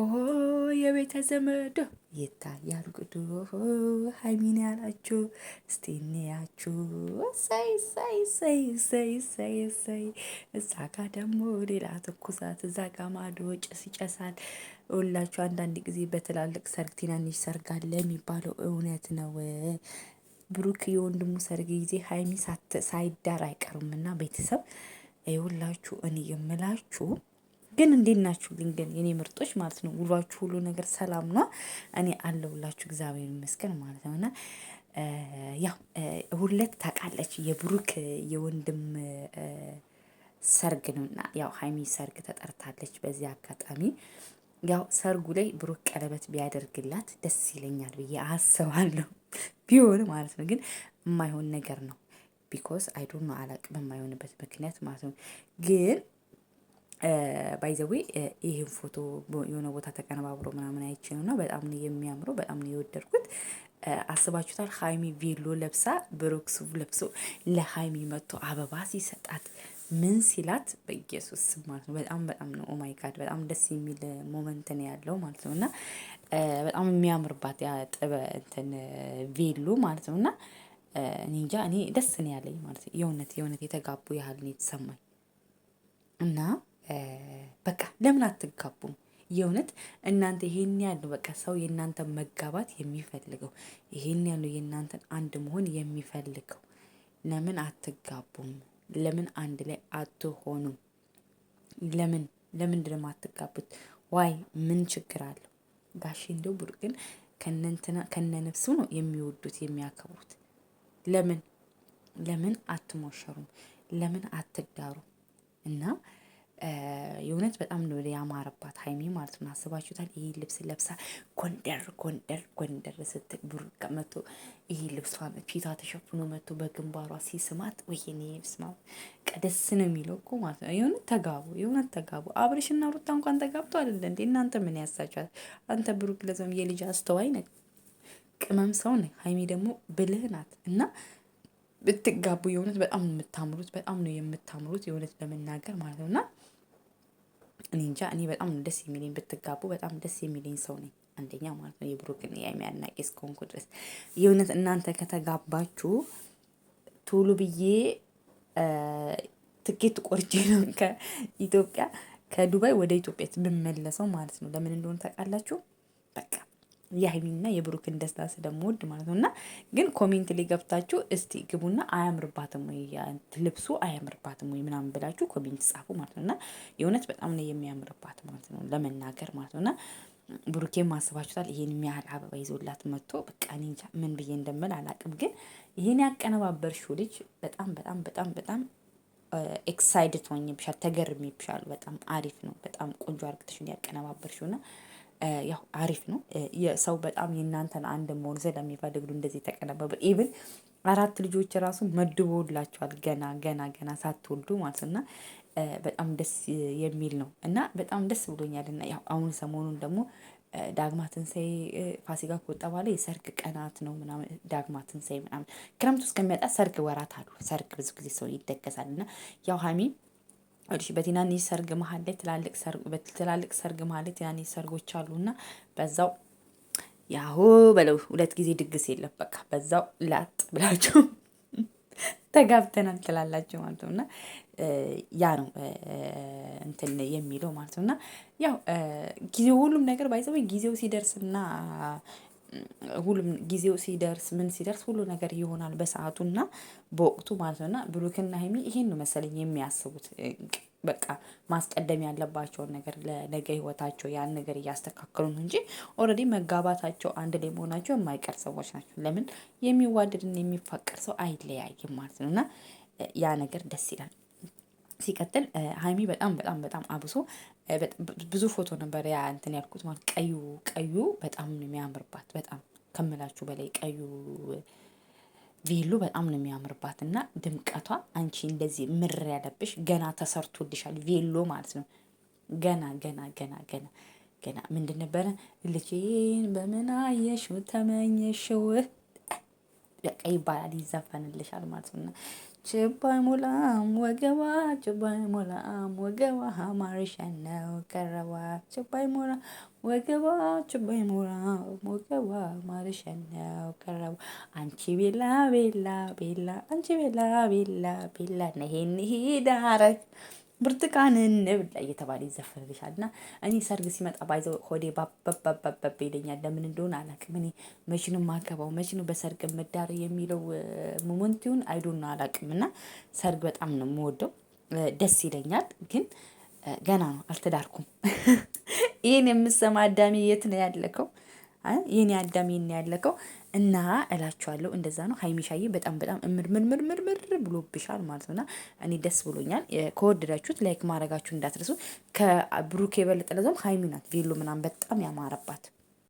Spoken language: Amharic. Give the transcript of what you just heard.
ኦሆ የቤተ ዘመዶ ይታያል ጉዱ ሀይሚን ያላችሁ ስቴንያችሁ እሰይ እሰይ እሰይ እሰይ እሰይ እሰይ። እዛ ጋ ደግሞ ሌላ ትኩሳት፣ እዛ ጋ ማዶ ጭስ ይጨሳል። ሁላችሁ አንዳንድ ጊዜ በትላልቅ ሰርግ ትናንሽ ሰርግ አለ የሚባለው እውነት ነው። ብሩክ የወንድሙ ሰርግ ጊዜ ሀይሚ ሳይዳር አይቀርም አይቀርምና ቤተሰብ ሁላችሁ እኔ የምላችሁ ግን እንዴት ናችሁልኝ? ግን የኔ ምርጦች ማለት ነው ውሏችሁ ሁሉ ነገር ሰላም ነው? እኔ አለሁላችሁ እግዚአብሔር ይመስገን ማለት ነው እና ያው ሁለት ታውቃለች የብሩክ የወንድም ሰርግ ነውና ያው ሀይሚ ሰርግ ተጠርታለች። በዚህ አጋጣሚ ያው ሰርጉ ላይ ብሩክ ቀለበት ቢያደርግላት ደስ ይለኛል ብዬ አስባለሁ። ቢሆን ማለት ነው ግን የማይሆን ነገር ነው ቢኮዝ አይዶ ነው አላቅ በማይሆንበት ምክንያት ማለት ነው ግን ባይዘዌ ይህን ፎቶ የሆነ ቦታ ተቀነባብሮ ምናምን አይቼ ነው እና በጣም ነው የሚያምረው። በጣም ነው የወደድኩት። አስባችሁታል? ሀይሚ ቬሎ ለብሳ ብሩክ ለብሶ ለሀይሚ መጥቶ አበባ ሲሰጣት ምን ሲላት በኢየሱስ ማለት ነው። በጣም በጣም ነው ኦማይ ጋድ በጣም ደስ የሚል ሞመንት ነው ያለው ማለት ነው እና በጣም የሚያምርባት ያጥበ እንትን ቬሎ ማለት ነው እና እኔ እንጃ እኔ ደስ ነው ያለኝ ማለት ነው። የእውነት የእውነት የተጋቡ ያህል ነው የተሰማኝ እና ለምን አትጋቡም? የእውነት እናንተ ይሄን ያሉ በቃ ሰው የእናንተ መጋባት የሚፈልገው ይሄን ያሉ የእናንተን አንድ መሆን የሚፈልገው ለምን አትጋቡም? ለምን አንድ ላይ አትሆኑም? ለምን ለምን ድረም አትጋቡት? ዋይ ምን ችግር አለው? ጋሼ እንደው ቡርቅን ከነንትና ነፍሱ ነው የሚወዱት የሚያከብሩት። ለምን ለምን አትሞሸሩም? ለምን አትዳሩም? እና የእውነት በጣም ነው ያማረባት ሀይሚ ማለት ነው። አስባችሁታል? ይህ ልብስ ለብሳ ጎንደር ጎንደር ጎንደር ስትል ቡርቅ መቶ ይህ ልብሷ ፊቷ ተሸፍኖ መቶ በግንባሯ ሲስማት ወይኔ ስማ ቀደስ ነው የሚለው እኮ ማለት ነው። የእውነት ተጋቡ፣ የእውነት ተጋቡ። አብርሽና ሩታ እንኳን ተጋብቶ አይደለ እንዴ? እናንተ ምን ያሳችኋል? አንተ ብሩክ ለዘም የልጅ አስተዋይ ነ ቅመም ሰው ነ ሀይሚ ደግሞ ብልህ ናት እና ብትጋቡ የእውነት በጣም ነው የምታምሩት፣ በጣም ነው የምታምሩት የእውነት ለመናገር ማለት ነው እና እኔ እንጃ እኔ በጣም ደስ የሚለኝ ብትጋቡ በጣም ደስ የሚለኝ ሰው ነኝ። አንደኛ ማለት ነው የብሩክን የሀይሚ አድናቂ እስከሆንኩ ድረስ የእውነት እናንተ ከተጋባችሁ ቶሎ ብዬ ትኬት ቆርጬ ነው ከኢትዮጵያ ከዱባይ ወደ ኢትዮጵያ ብመለሰው ማለት ነው። ለምን እንደሆነ ታውቃላችሁ? በቃ የሀይሚና የብሩክን ደስታ ስለምወድ ማለት ነው። እና ግን ኮሜንት ላይ ገብታችሁ እስቲ ግቡና አያምርባትም ወይ ልብሱ አያምርባትም ወይ ምናምን ብላችሁ ኮሜንት ጻፉ ማለት ነው። እና የእውነት በጣም ነው የሚያምርባት ማለት ነው ለመናገር ማለት ነው። እና ብሩኬን ማስባችሁታል። ይሄን የሚያህል አበባ ይዞላት መጥቶ በቃ እኔ እንጃ ምን ብዬ እንደምል አላቅም። ግን ይህን ያቀነባበርሽው ልጅ በጣም በጣም በጣም በጣም ኤክሳይድድ ሆኜብሻል፣ ተገርሜብሻል። በጣም አሪፍ ነው። በጣም ቆንጆ አርግተሽ ያቀነባበርሽው ና ያው አሪፍ ነው። የሰው በጣም የእናንተን አንድ መሆን ስለሚፈልግ እንደዚህ ተቀነበበ። ኢቭን አራት ልጆች ራሱ መድቦላቸዋል ገና ገና ገና ሳትወልዱ ማለት እና በጣም ደስ የሚል ነው እና በጣም ደስ ብሎኛል። እና ያው አሁን ሰሞኑን ደግሞ ዳግማ ትንሣኤ ፋሲካ ከወጣ በኋላ የሰርግ ቀናት ነው ምናምን ዳግማ ትንሣኤ ምናምን ክረምቱ እስከሚመጣ ሰርግ ወራት አሉ። ሰርግ ብዙ ጊዜ ሰው ይደገሳል እና ያው ሀሚ እሺ በትናንሽ ሰርግ መሃል ላይ ትላልቅ ሰርግ ትላልቅ ሰርግ መሃል ላይ ትናንሽ ሰርጎች አሉና በዛው ያሆ በለው ሁለት ጊዜ ድግስ የለም። በቃ በዛው ላጥ ብላችሁ ተጋብተናል ትላላችሁ ማለት ነው። እና ያ ነው እንትን የሚለው ማለት ነው። እና ያው ጊዜው ሁሉም ነገር ባይዘው ጊዜው ሲደርስና ሁሉም ጊዜው ሲደርስ ምን ሲደርስ ሁሉ ነገር ይሆናል በሰዓቱና በወቅቱ ማለት ነው። እና ብሩክና ሀይሚ ይሄን ነው መሰለኝ የሚያስቡት። በቃ ማስቀደም ያለባቸውን ነገር ለነገ ህይወታቸው ያን ነገር እያስተካከሉ ነው እንጂ ኦልሬዲ መጋባታቸው አንድ ላይ መሆናቸው የማይቀር ሰዎች ናቸው። ለምን የሚዋደድና የሚፋቀር ሰው አይለያይም ማለት ነው። እና ያ ነገር ደስ ይላል። ሲቀጥል ሀይሚ በጣም በጣም በጣም አብሶ ብዙ ፎቶ ነበር ያ እንትን ያልኩት ማለት ቀዩ ቀዩ በጣም ነው የሚያምርባት በጣም ከምላችሁ በላይ ቀዩ ቬሎ በጣም ነው የሚያምርባት እና ድምቀቷ አንቺ እንደዚህ ምር ያለብሽ ገና ተሰርቶልሻል ቬሎ ማለት ነው ገና ገና ገና ገና ገና ምንድን ነበረ ልጄን በምን አየሽው ተመኘሽው በቃ ይባላል ይዘፈንልሻል ማለት ነው ችቦ አይሞላም ወገቧ ችቦ አይሞላም ወገቧ ማርሻን ነው ቀረቧ ችቦ አይሞላም ወገቧ ችቦ አይሞላም ወገቧ ማርሻን ነው ቀረቧ አንቺ ቤላ ቤላ ቤላ አንቺ ቤላ ቤላ ቤላ ነሄ እንሂድ ብርቱካን ላይ እየተባለ ይዘፈንልሻል። እና እኔ ሰርግ ሲመጣ ባይዘው ሆዴ ባባባባባ ይለኛል። ለምን እንደሆነ አላቅም። እኔ መችኑ ማገባው መችኑ በሰርግ መዳር የሚለው ሞመንቲውን አይዶና አላቅም። እና ሰርግ በጣም ነው የምወደው፣ ደስ ይለኛል። ግን ገና ነው አልተዳርኩም። ይህን የምሰማ አዳሜ የት ነው ያለከው? ይህን አዳሜ ነው ያለከው። እና እላችኋለሁ እንደዛ ነው። ሀይሚሻዬ በጣም በጣም ምርምርምርምር ብሎብሻል ማለት ነውና እኔ ደስ ብሎኛል። ከወደዳችሁት ላይክ ማድረጋችሁ እንዳትረሱ። ከብሩክ የበለጠ ለዞም ሀይሚ ናት ቬሎ ምናምን በጣም ያማረባት